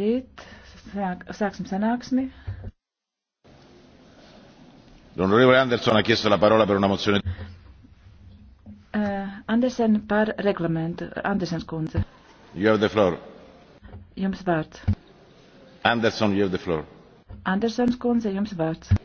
Rīt sāk, sāksim sanāksmi. L'onorevole Anderson ha chiesto la parola per una mozione. Uh, Andersen par reglamentu. Andersens kundze. You have the floor. Jums vārds. Anderson, you have the floor. Andersens kundze, jums vārds.